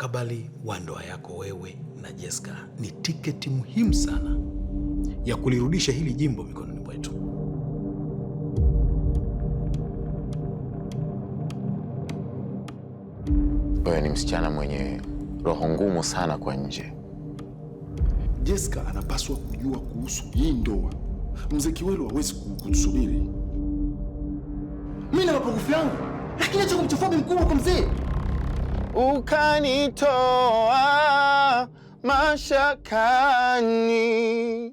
mustakabali wa ndoa yako wewe na Jessica ni tiketi muhimu sana ya kulirudisha hili jimbo mikononi mwetu. Wewe ni msichana mwenye roho ngumu sana kwa nje. Jessica anapaswa kujua kuhusu hii ndoa. Mzee Kiwelu hawezi kutusubiri. Mimi na mapungufu yangu, lakini acha kumchafua mkubwa kwa mzee ukanitoa mashakani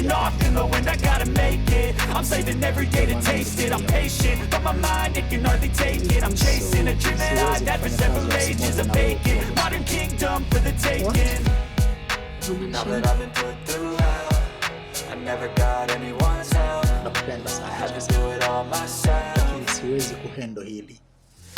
taking off in the wind, I gotta make it I'm saving every day to taste it, I'm patient But my mind, it can hardly take it I'm chasing a dream that I've had for several ages A vacant modern kingdom for the taking Now that I've been put through I never got anyone's help I had to do it all myself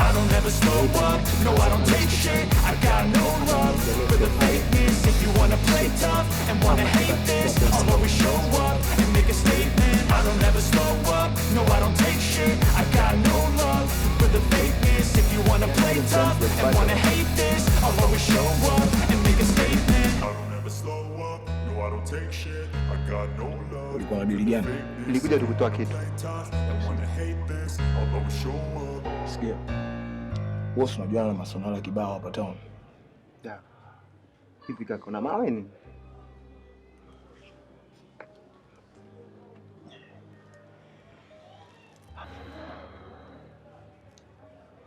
I don't ever slow up, no I don't take shit I got no love for the fakeness If you wanna play tough and wanna hate this I'll always show up and make a statement I don't ever slow up, no I don't take shit I got no love for the fakeness If you wanna play tough and wanna hate this I'll always show up and make a statement I don't ever slow up, no I don't take shit I got no love ulikuwa unabiliana nilikuja tu kutoa kitu I'll always show up Sikia Wewe unajua na masonara kibao hapa town. Da. Hivi kaka una mawe ni?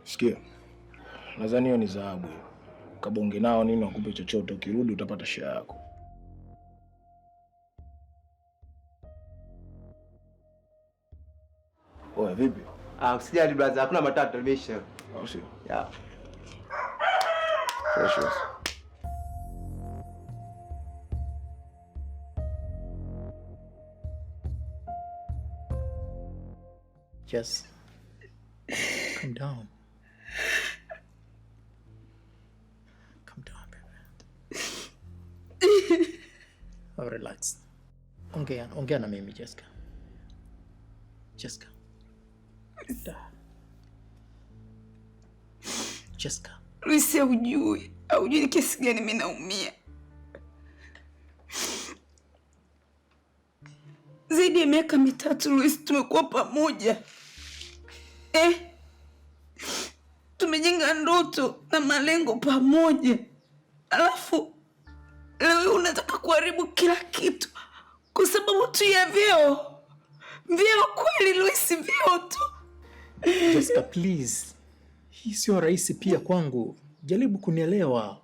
Sikia. Nadhani hiyo ni dhahabu hiyo. Kabonge nao nini wakupe chochote, ukirudi utapata shia yako. Oe, vipi? Ah, usijali brother, hakuna matata, nimeisha. Oh shit. Yeah. Precious. Just come down. Come down, baby. oh, relax. Ongea, ongea na mimi, Jessica. Jessica. Da. Just come. Lucy, hujui hujui kiasi gani mimi naumia zaidi ya miaka mitatu Luis, tumekuwa pamoja eh? Tumejenga ndoto na malengo pamoja, alafu leo unataka kuharibu kila kitu kwa sababu tu ya vyeo. Vyeo kweli Luis, vyeo tu. Jessica, please hii sio rahisi pia kwangu, jaribu kunielewa.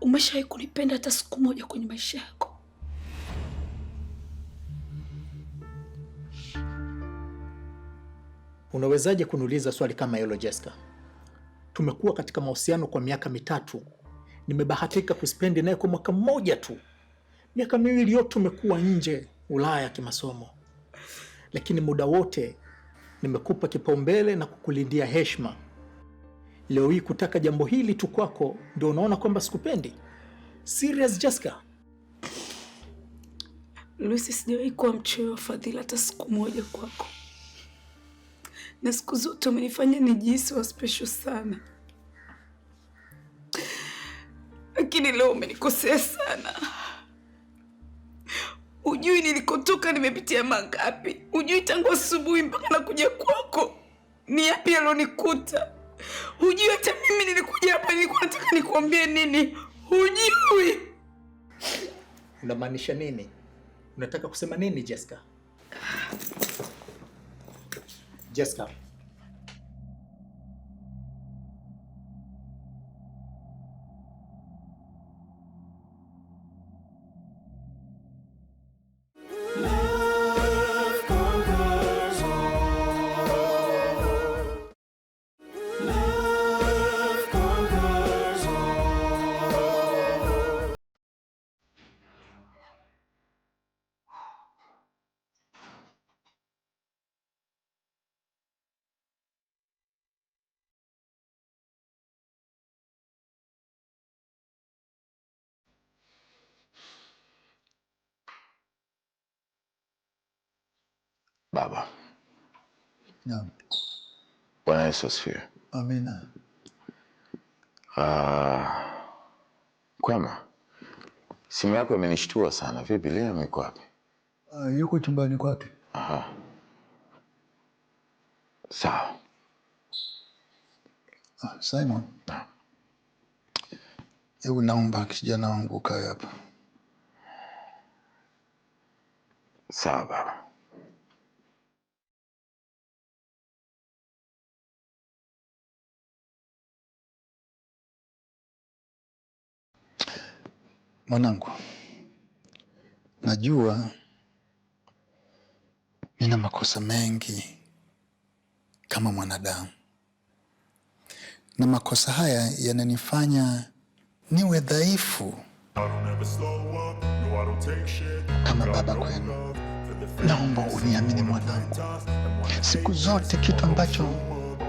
Umeshawahi kunipenda hata siku moja kwenye maisha yako? Unawezaje kuniuliza swali kama hilo Jessica? Tumekuwa katika mahusiano kwa miaka mitatu nimebahatika kuspendi naye kwa mwaka mmoja tu. Miaka miwili yote umekuwa nje Ulaya kimasomo, lakini muda wote nimekupa kipaumbele na kukulindia heshima. Leo hii kutaka jambo hili tu kwako ndio unaona kwamba sikupendi? Serious Jessica? Lucy, sijawahi kuwa mchoyo wa fadhila hata siku moja kwako, na siku zote umenifanya nijihisi wa special sana. lakini leo umenikosea sana. Ujui nilikotoka nimepitia mangapi, ujui tangu asubuhi mpaka nakuja kwako ni yapi yalonikuta, hujui hata mimi nilikuja hapa nilikuwa nataka nikuambie nini, hujui. Unamaanisha nini? Unataka kusema nini Jessica? Jessica. Baba, naam. Bwana Yesu asifiwe. Amina. Uh, Kwema, simu yako imenishtua sana. Vipi Liam yuko wapi? Uh, yuko chumbani kwake. Aha. Sawa. Ah, Simon. Naam. na. naomba kijana wangu kae hapa. Sawa baba. Mwanangu, najua nina makosa mengi kama mwanadamu, na makosa haya yananifanya niwe dhaifu kama baba kwenu. Naomba uniamini mwanangu, siku zote kitu ambacho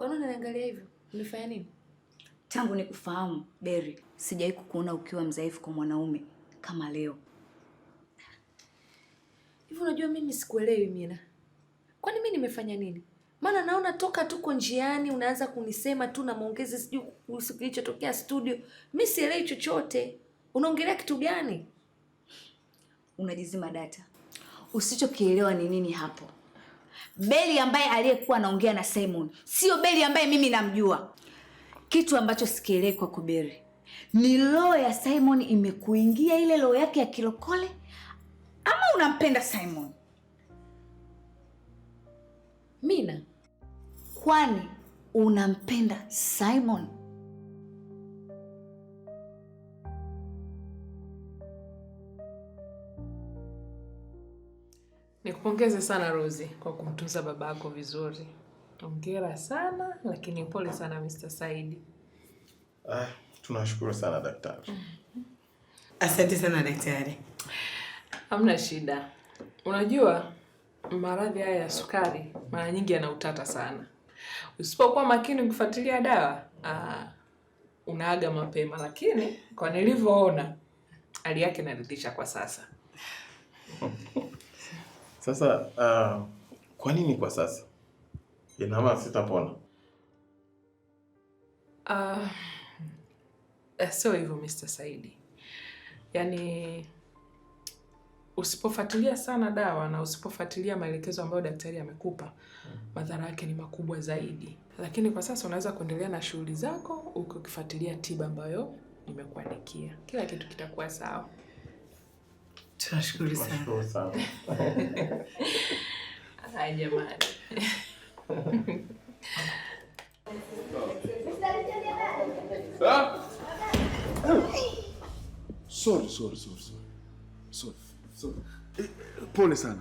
Kwa nini unaangalia hivyo? Nilifanya nini? Tangu nikufahamu Berry, sijawahi kukuona ukiwa mdhaifu kwa mwanaume kama leo. Hivi unajua mimi sikuelewi Mina. Kwani mimi nimefanya nini? Maana naona toka tuko njiani unaanza kunisema tu na maongezi sijui kuhusu kilichotokea studio. Mimi sielewi chochote. Unaongelea kitu gani? Unajizima data. Usichokielewa ni nini hapo? Beli ambaye aliyekuwa anaongea na Simon sio Beli ambaye mimi namjua. Kitu ambacho sikielewi kwa Koberi ni roho ya Simon imekuingia, ile roho yake ya kilokole, ama unampenda Simon Mina? Kwani unampenda Simon? Nikupongeze sana Rozi kwa kumtunza babako vizuri. Hongera sana lakini pole sana Mr. Saidi. Ah, tunashukuru sana daktari. Mm -hmm. Asante sana daktari. Hamna shida. Unajua maradhi haya ya sukari mara nyingi yana utata sana. Usipokuwa makini kufuatilia dawa, ah, unaaga mapema lakini kwa nilivyoona hali yake inaridhisha kwa sasa. Sasa uh, kwa nini kwa sasa? Ina maana sitapona? Uh, eh, sio hivyo Mr. Saidi, yaani usipofuatilia sana dawa na usipofuatilia maelekezo ambayo daktari amekupa, madhara yake ni makubwa zaidi. Lakini kwa sasa unaweza kuendelea na shughuli zako, ukifuatilia tiba ambayo nimekuandikia, kila kitu kitakuwa sawa. Tunashukuru sana. sana. Haya jamani. Sorry, sorry, sorry, sorry. Sorry. Sorry. Eh, pole sana.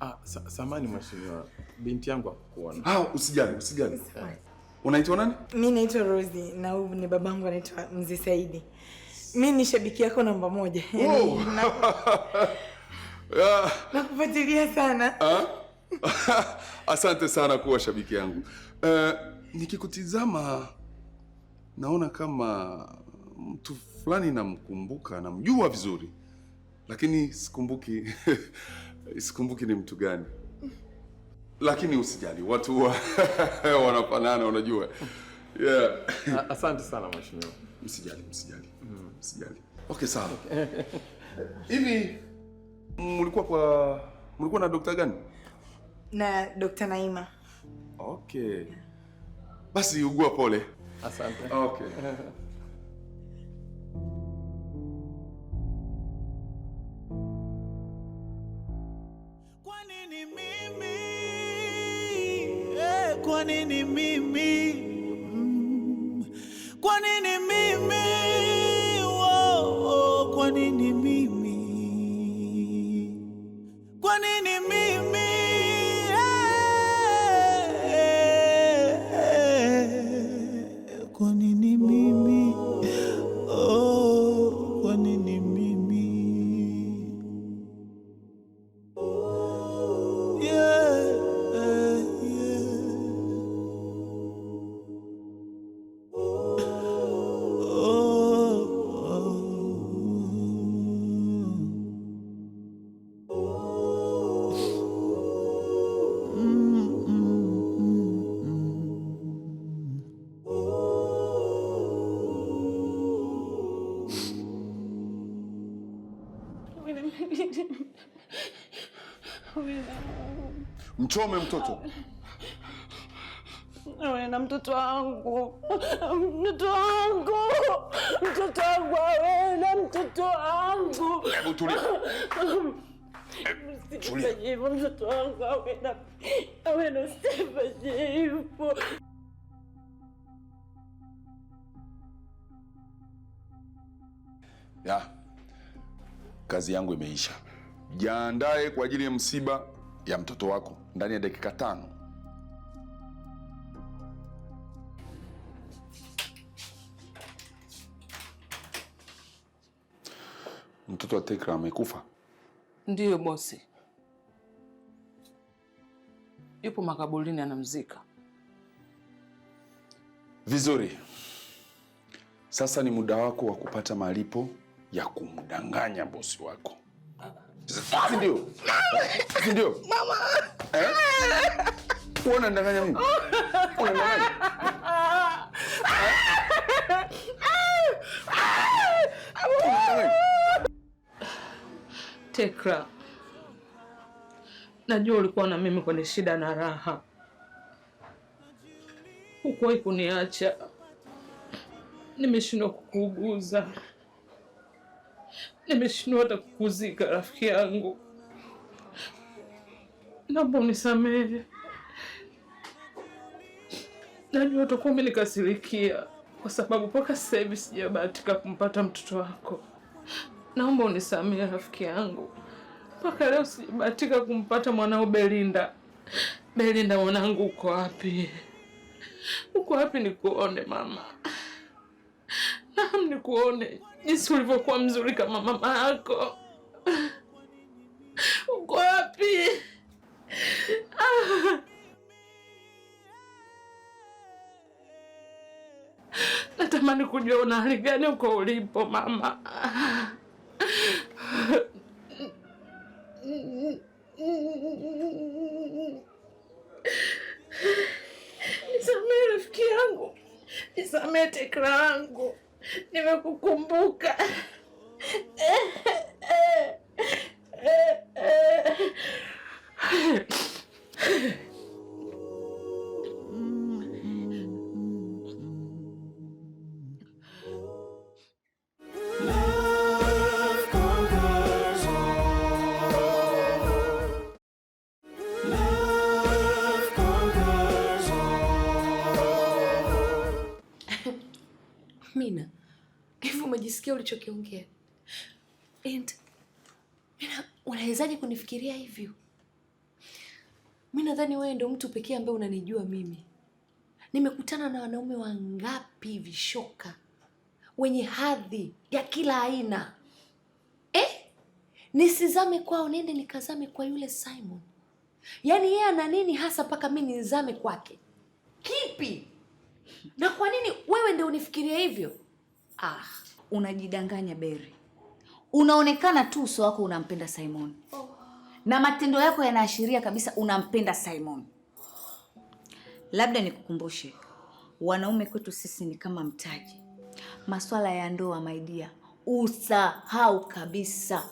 Ah, sa samani mheshimiwa. Binti yangu akukuona. Ah, usijali, usijali. Unaitwa nani? Mimi naitwa Rosie na huyu ni babangu anaitwa Mzee Saidi. Mi ni shabiki yako namba moja. Yaani nakufuatilia sana. Asante sana kuwa shabiki yangu. Uh, nikikutizama naona kama mtu fulani namkumbuka, namjua vizuri, lakini sikumbuki sikumbuki ni mtu gani, lakini usijali, watu wa wanafanana, unajua yeah. Asante sana mheshimiwa. Msijali, msijali. Sijali. Okay, sawa. Hivi mlikuwa kwa mlikuwa na daktari gani? Na daktari Naima. Okay. Basi ugua pole. Asante. Okay. Kwa nini kwa nini mimi? Eh, kwa nini mm. Mchome mtoto Awe na mtoto wangu, mtoto wangu, mtoto wangu, awe na mtoto wangu. Hebu tulia, tulia. mtoto wangu awe na awe na Stefa hivyo ya kazi yangu imeisha. Jiandae kwa ajili ya msiba ya mtoto wako ndani ya dakika tano. Mtoto wa Tekra amekufa? Ndiyo bosi, yupo makaburini anamzika. Vizuri, sasa ni muda wako wa kupata malipo ya kumdanganya bosi wako. Mama. Eh? ndanganya mimi? Eh? Tekra, najua ulikuwa na mimi kwenye shida na raha, hukuwahi kuniacha, nimeshindwa kukuuguza Nimeshindwa hata kukuzika rafiki yangu, naomba unisamehe. Najua utakuwa umenikasirikia kwa sababu mpaka sasa hivi sijabahatika kumpata mtoto wako. Naomba unisamehe rafiki yangu, mpaka leo sijabahatika kumpata mwanao Belinda. Belinda mwanangu, uko wapi? Uko wapi? Nikuone mama, naam, nikuone jinsi ulivyokuwa mzuri kama mama yako. Uko wapi? Natamani kujua una hali gani uko ulipo mama. Nisamee rafiki yangu, nisamee tekla yangu nimekukumbuka. Mina, Hivi umejisikia ulichokiongea? Unawezaje kunifikiria hivyo? Mi nadhani wewe ndio mtu pekee ambaye unanijua mimi. Nimekutana na wanaume wangapi vishoka wenye hadhi ya kila aina eh? Nisizame kwao niende nikazame kwa yule Simon? Yaani yeye ana nini hasa mpaka mi nizame kwake? Kipi na kwa nini wewe ndio unifikiria hivyo? Ah, unajidanganya Berry. Unaonekana tu uso wako unampenda Simon. Oh. Na matendo yako yanaashiria kabisa unampenda Simon. Labda nikukumbushe, wanaume kwetu sisi ni kama mtaji. Maswala ya ndoa, my dear, usahau kabisa.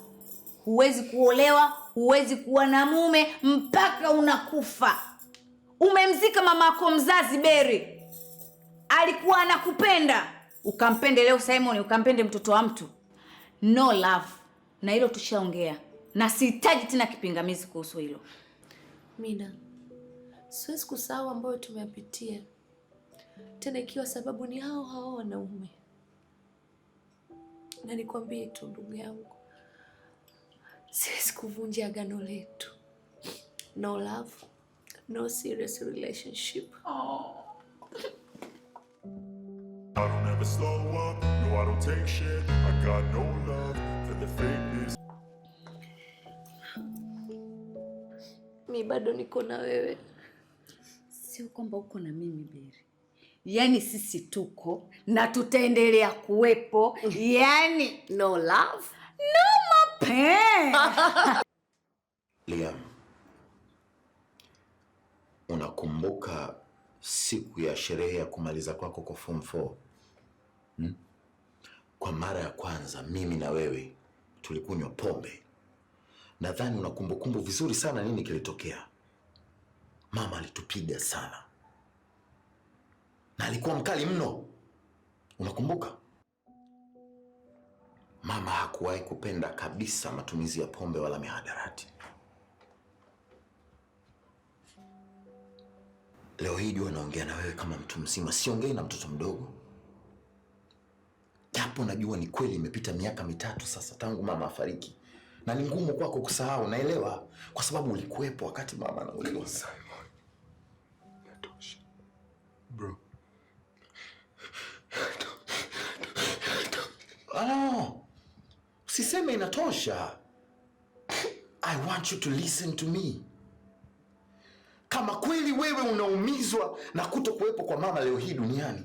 Huwezi kuolewa, huwezi kuwa na mume mpaka unakufa. Umemzika mamako mzazi Berry, alikuwa anakupenda Ukampende leo Simon, ukampende mtoto wa mtu, no love. Na hilo tushaongea, na sihitaji tena kipingamizi kuhusu hilo. Mina, siwezi kusahau ambayo tumeyapitia, tena ikiwa sababu ni hao hao wanaume. Na nikwambie tu ndugu yangu, siwezi kuvunja agano letu. No love, no serious relationship. Oh. I don't ever slow up, no I don't take shit I got no love for the fakeness Mi bado niko na wewe, sio kwamba uko na mimi Beri. Yaani sisi tuko na tutaendelea kuwepo, yaani no love no mapen Liam, unakumbuka siku ya sherehe ya kumaliza kwako kwa form 4? Hmm? Kwa mara ya kwanza mimi na wewe tulikunywa pombe. Nadhani una kumbukumbu vizuri sana nini kilitokea. Mama alitupiga sana na alikuwa mkali mno, unakumbuka? Mama hakuwahi kupenda kabisa matumizi ya pombe wala mihadarati. Leo hii jua naongea na wewe kama mtu mzima, siongei na mtoto mdogo japo najua ni kweli imepita miaka mitatu sasa tangu mama afariki, na ni ngumu kwako kusahau, naelewa, kwa sababu ulikuwepo wakati mama anauliwa. No, oh! usiseme inatosha. I want you to listen to me. Kama kweli wewe unaumizwa na kuto kuwepo kwa mama leo hii duniani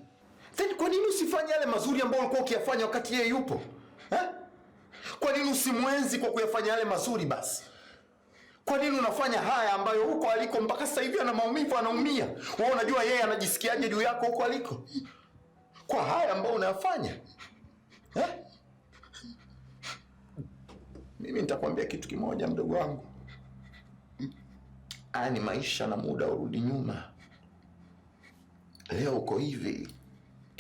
Then kwa nini usifanye yale mazuri ambayo ulikuwa ukiyafanya wakati yeye yupo eh? Kwa nini usimwenzi kwa kuyafanya yale mazuri basi? Kwa nini unafanya haya ambayo huko aliko mpaka sasa hivi ana maumivu, anaumia? Wewe unajua yeye anajisikiaje juu yako huko aliko, kwa haya ambayo unayafanya eh? Mimi nitakwambia kitu kimoja, mdogo wangu, haya ni maisha na muda urudi nyuma. Leo uko hivi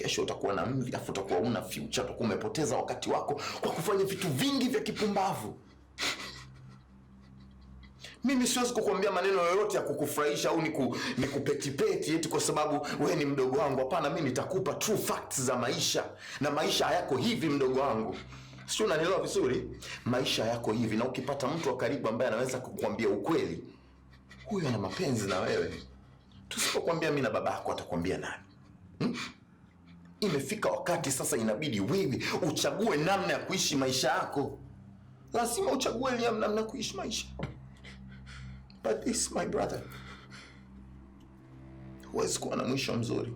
Kesho utakuwa na mvi, afu utakuwa una future, utakuwa umepoteza wakati wako kwa kufanya vitu vingi vya kipumbavu. Mimi siwezi kukuambia maneno yoyote ya kukufurahisha au niku, nikupetipeti eti kwa sababu wewe ni mdogo wangu. Hapana, mimi nitakupa true facts za maisha, na maisha hayako hivi, mdogo wangu. Sio, unanielewa vizuri? Maisha yako hivi, na ukipata mtu wa karibu ambaye anaweza kukuambia ukweli, huyo ana mapenzi na wewe. Tusipokuambia mimi na babako, atakwambia nani? hmm? Imefika wakati sasa inabidi wewe uchague namna ya kuishi maisha yako. Lazima uchague namna ya kuishi maisha. But this my brother, huwezi kuwa na mwisho mzuri,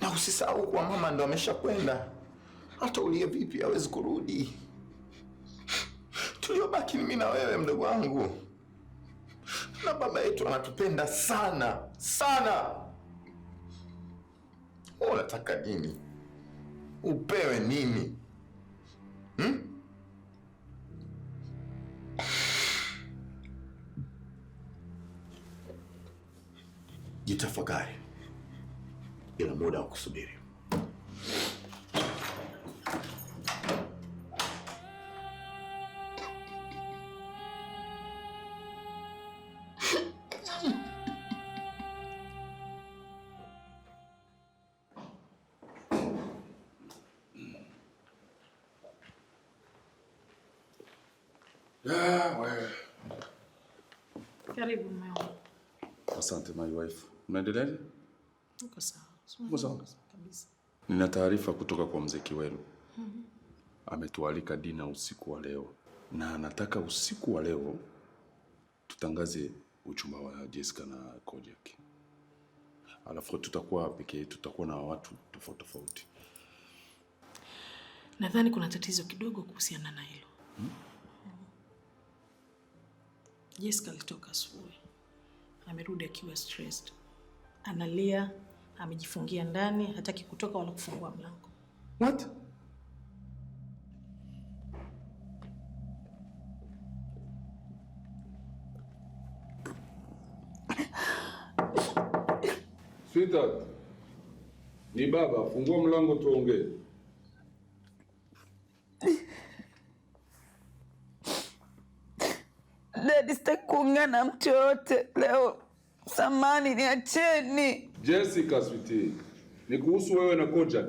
na usisahau kuwa mama ndo ameshakwenda Hata ulie vipi, hawezi kurudi. Tuliobaki mimi na wewe, mdogo wangu, na baba yetu anatupenda sana sana. Unataka nini? upewe nini hmm? Jitafakari, ila muda wa kusubiri Asante my wife. Unaendeleaje? Niko sawa. Niko sawa kabisa. Nina taarifa kutoka kwa mzee kiwelu Mm -hmm. Ametualika dina usiku wa leo na anataka usiku wa leo tutangaze uchumba wa Jessica na Kojak. Alafu tutakuwa pekee, tutakuwa na watu tofauti tofauti. Nadhani kuna tatizo kidogo kuhusiana na hilo. Hmm? Jessica alitoka asubuhi amerudi akiwa stressed, analia, amejifungia ndani, hataki kutoka wala kufungua mlango. What? Sweetheart, ni baba, fungua mlango tuongee. kuongea na mtu yoyote leo. Samani, niacheni. Jessica sweetie, ni kuhusu wewe na Kojak.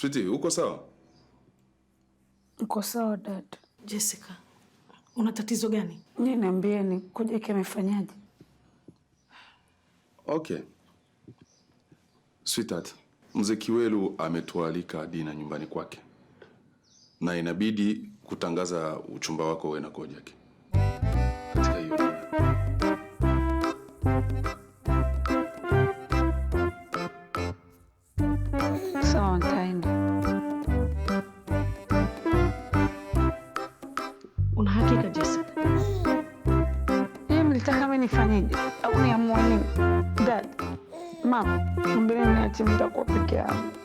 Sweetie, uko sawa? Uko sawa dad. Jessica, una tatizo gani? Ni niambieni, Kojeki amefanyaje? Okay. Sweetheart, Mzee Kiwelu ametualika dina nyumbani kwake na inabidi kutangaza uchumba wako wewe na Kojeki. yeah.